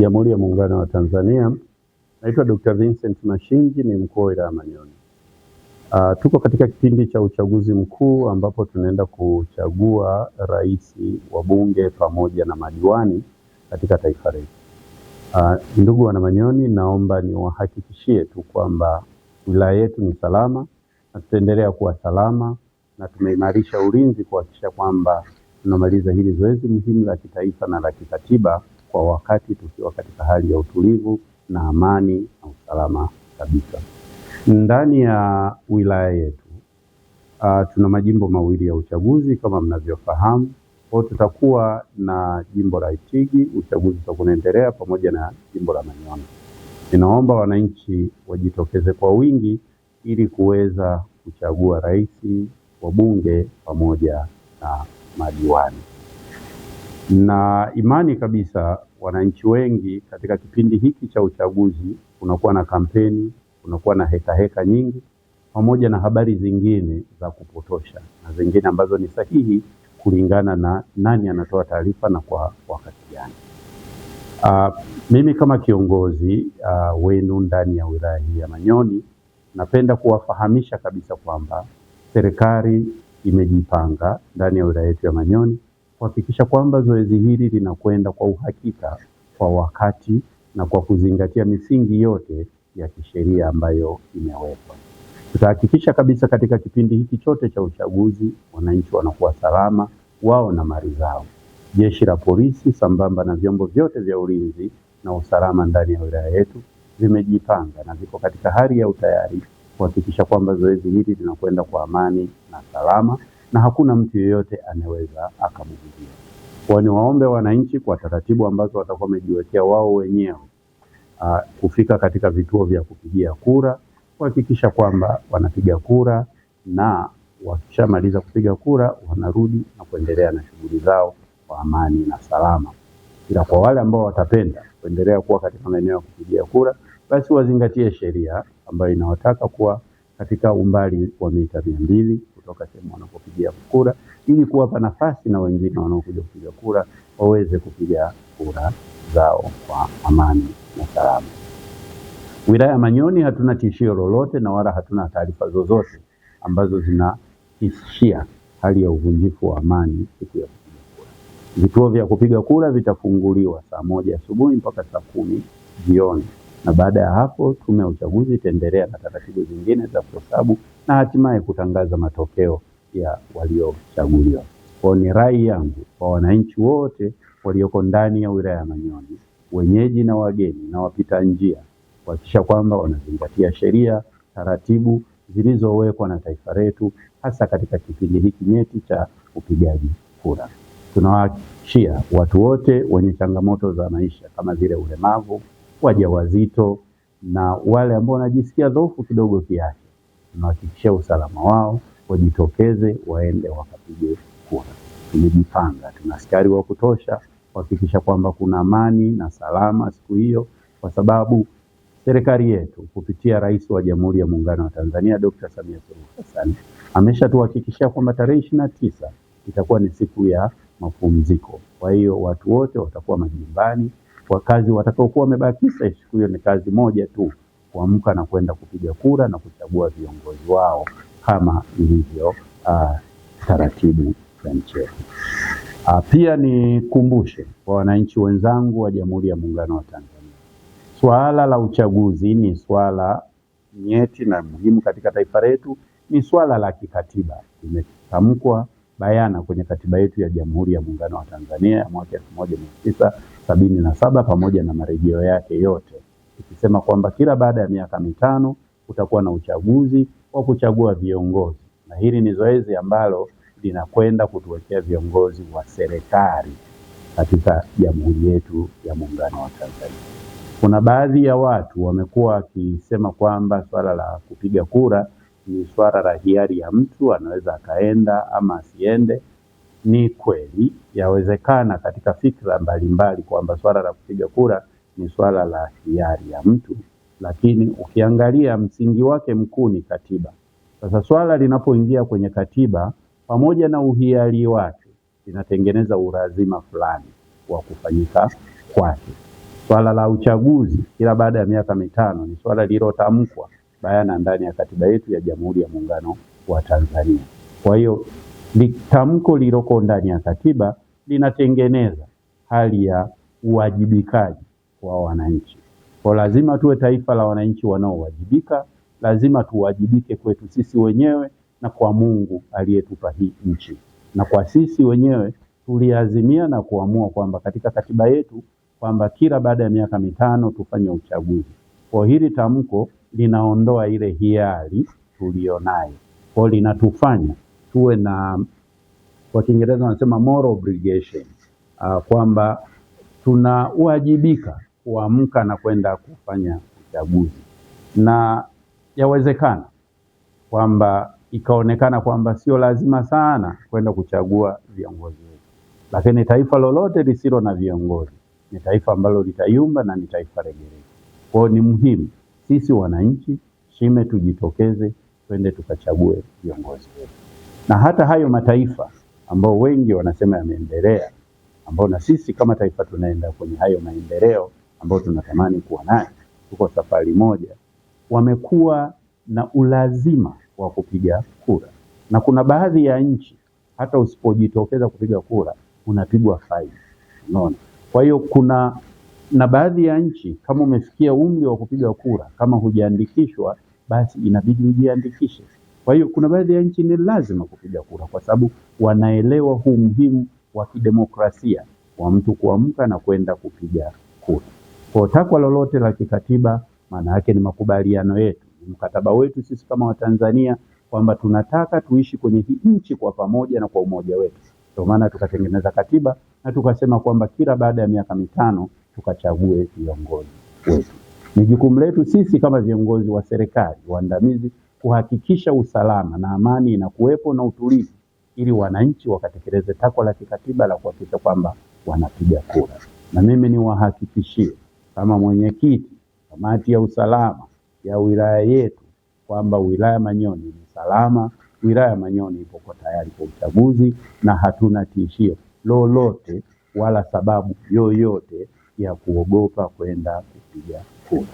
Jamhuri ya Muungano wa Tanzania. Naitwa Dr. Vincent Mashinji, ni mkuu wa wilaya Manyoni. Uh, tuko katika kipindi cha uchaguzi mkuu ambapo tunaenda kuchagua rais, wabunge pamoja na madiwani katika taifa letu. Uh, ndugu manyoni naomba niwahakikishie tu kwamba wilaya yetu ni salama na tutaendelea kuwa salama na tumeimarisha ulinzi kuhakikisha kwamba tunamaliza hili zoezi muhimu la kitaifa na la kikatiba kwa wakati tukiwa katika hali ya utulivu na amani na usalama kabisa. Ndani ya wilaya yetu uh, tuna majimbo mawili ya uchaguzi kama mnavyofahamu. Kwa tutakuwa na jimbo la Itigi, uchaguzi utakuwa unaendelea pamoja na jimbo la Manyoni. Ninaomba wananchi wajitokeze kwa wingi ili kuweza kuchagua rais, wabunge pamoja na madiwani, na imani kabisa wananchi wengi katika kipindi hiki cha uchaguzi kunakuwa na kampeni, kunakuwa na hekaheka heka nyingi, pamoja na habari zingine za kupotosha na zingine ambazo ni sahihi kulingana na nani anatoa taarifa na kwa wakati gani. Uh, mimi kama kiongozi uh, wenu ndani ya wilaya hii ya Manyoni napenda kuwafahamisha kabisa kwamba serikali imejipanga ndani ya wilaya yetu ya Manyoni kuhakikisha kwamba zoezi hili linakwenda kwa uhakika, kwa wakati na kwa kuzingatia misingi yote ya kisheria ambayo imewekwa. Tutahakikisha kabisa katika kipindi hiki chote cha uchaguzi wananchi wanakuwa salama wao na mali zao. Jeshi la polisi sambamba na vyombo vyote vya ulinzi na usalama ndani ya wilaya yetu vimejipanga na viko katika hali ya utayari kuhakikisha kwamba zoezi hili linakwenda kwa amani na salama na hakuna mtu yeyote anaweza akamhudia. Kwa ni waombe wananchi kwa taratibu ambazo watakuwa wamejiwekea wao wenyewe, uh, kufika katika vituo vya kupigia kura kuhakikisha kwamba wanapiga kura na wakishamaliza kupiga kura wanarudi na kuendelea na shughuli zao kwa amani na salama. Ila kwa wale ambao watapenda kuendelea kuwa katika maeneo ya kupigia kura, basi wazingatie sheria ambayo inawataka kuwa katika umbali wa mita mia mbili kutoka sehemu wanapopigia kura, ili kuwapa nafasi na wengine wanaokuja kupiga kura waweze kupiga kura zao kwa amani na salama. Wilaya ya Manyoni hatuna tishio lolote na wala hatuna taarifa zozote ambazo zinatishia hali ya uvunjifu wa amani siku ya kupiga kura. Vituo vya kupiga kura vitafunguliwa saa moja asubuhi mpaka saa kumi jioni na baada ya hapo tume ya uchaguzi itaendelea na taratibu zingine za kuhesabu na hatimaye kutangaza matokeo ya waliochaguliwa. Kwao ni rai yangu kwa wananchi wote walioko ndani ya wilaya ya Manyoni, wenyeji na wageni na wapita njia, kuhakikisha kwamba wanazingatia sheria, taratibu zilizowekwa na taifa letu, hasa katika kipindi hiki nyeti cha upigaji kura. Tunawahakikishia watu wote wenye changamoto za maisha kama vile ulemavu wajawazito na wale ambao wanajisikia dhoofu kidogo kiafya, tunahakikishia usalama wao, wajitokeze waende wakapige kura. Tumejipanga, tuna askari wa kutosha kuhakikisha kwamba kuna amani na salama siku hiyo, kwa sababu serikali yetu kupitia Rais wa Jamhuri ya Muungano wa Tanzania Dr. Samia Suluhu Hassan ameshatuhakikishia kwamba tarehe ishirini na tisa itakuwa ni siku ya mapumziko. Kwa hiyo watu wote watakuwa majumbani wakazi watakaokuwa wamebakisha siku hiyo ni kazi moja tu, kuamka na kwenda kupiga kura na kuchagua viongozi wao kama ilivyo uh, taratibu za nchi yetu. Uh, pia nikumbushe kwa wananchi wenzangu wa Jamhuri ya Muungano wa Tanzania, swala la uchaguzi ni swala nyeti na muhimu katika taifa letu, ni swala la kikatiba, limetamkwa bayana kwenye katiba yetu ya Jamhuri ya Muungano wa Tanzania ya mwaka elfu moja mia tisa sabini na saba pamoja na marejeo yake yote, ikisema kwamba kila baada ya miaka mitano kutakuwa na uchaguzi wa kuchagua viongozi, na hili ni zoezi ambalo linakwenda kutuwekea viongozi wa serikali katika jamhuri yetu ya muungano wa Tanzania. Kuna baadhi ya watu wamekuwa wakisema kwamba swala la kupiga kura ni swala la hiari ya mtu, anaweza akaenda ama asiende. Ni kweli yawezekana katika fikra mbalimbali kwamba swala la kupiga kura ni swala la hiari ya mtu, lakini ukiangalia msingi wake mkuu ni katiba. Sasa swala linapoingia kwenye katiba, pamoja na uhiari wake, linatengeneza ulazima fulani wa kufanyika kwake. Swala la uchaguzi kila baada ya miaka mitano ni swala lililotamkwa bayana ndani ya katiba yetu ya Jamhuri ya Muungano wa Tanzania. Kwa hiyo Tamko liloko ndani ya katiba linatengeneza hali ya uwajibikaji kwa wananchi. Kwa lazima tuwe taifa la wananchi wanaowajibika, lazima tuwajibike kwetu sisi wenyewe na kwa Mungu aliyetupa hii nchi, na kwa sisi wenyewe tuliazimia na kuamua kwamba katika katiba yetu kwamba kila baada ya miaka mitano tufanye uchaguzi. Kwa hili tamko linaondoa ile hiari tuliyonayo, kwa linatufanya tuwe na kwa Kiingereza wanasema moral obligation uh, kwamba tunawajibika kuamka na kwenda kufanya uchaguzi, na yawezekana kwamba ikaonekana kwamba sio lazima sana kwenda kuchagua viongozi wetu, lakini taifa lolote lisilo na viongozi ni taifa ambalo litayumba na ni taifa regereke. Kwao ni muhimu sisi wananchi shime, tujitokeze twende tukachague viongozi wetu na hata hayo mataifa ambao wengi wanasema yameendelea, ambao na sisi kama taifa tunaenda kwenye hayo maendeleo ambayo tunatamani kuwa nayo, tuko safari moja, wamekuwa na ulazima wa kupiga kura, na kuna baadhi ya nchi hata usipojitokeza kupiga kura unapigwa faini, unaona. Kwa hiyo kuna na baadhi ya nchi kama umefikia umri wa kupiga kura, kama hujaandikishwa, basi inabidi ujiandikishe. Kwa hiyo kuna baadhi ya nchi ni lazima kupiga kura, kwa sababu wanaelewa huu muhimu wa kidemokrasia wa mtu kuamka na kwenda kupiga kura. Kwa takwa lolote la kikatiba, maana yake ni makubaliano yetu, ni mkataba wetu sisi kama Watanzania kwamba tunataka tuishi kwenye hii nchi kwa pamoja na kwa umoja wetu. Ndio maana tukatengeneza katiba na tukasema kwamba kila baada ya miaka mitano tukachague viongozi wetu. Ni jukumu letu sisi kama viongozi wa serikali waandamizi kuhakikisha usalama na amani inakuwepo na utulivu, ili wananchi wakatekeleze takwa la kikatiba la kuhakikisha kwamba wanapiga kura. Na mimi niwahakikishie kama mwenyekiti kamati ya usalama ya wilaya yetu kwamba wilaya Manyoni ni salama, wilaya Manyoni ipo tayari kwa uchaguzi na hatuna tishio lolote wala sababu yoyote ya kuogopa kwenda kupiga kura.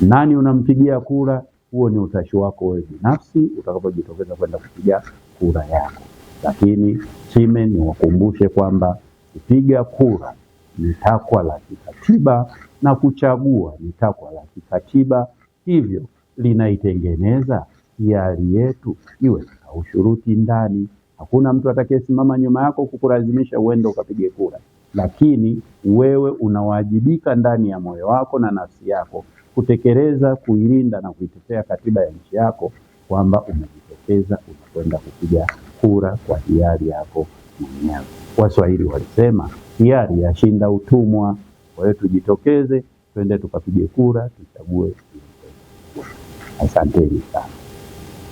Nani unampigia kura, huo ni utashi wako wewe binafsi utakapojitokeza kwenda kupiga kura yako, lakini Chime niwakumbushe kwamba kupiga kura ni takwa la kikatiba na kuchagua ni takwa la kikatiba, hivyo linaitengeneza hiari yetu iwe na ushuruti ndani. Hakuna mtu atakayesimama nyuma yako kukulazimisha uende ukapige kura lakini wewe unawajibika ndani ya moyo wako na nafsi yako kutekeleza, kuilinda na kuitetea katiba ya nchi yako, kwamba umejitokeza unakwenda kupiga kura kwa hiari yako mwenyewe. Waswahili walisema hiari yashinda utumwa. Kwa hiyo tujitokeze, twende tukapige kura, tuchague. Asanteni sana.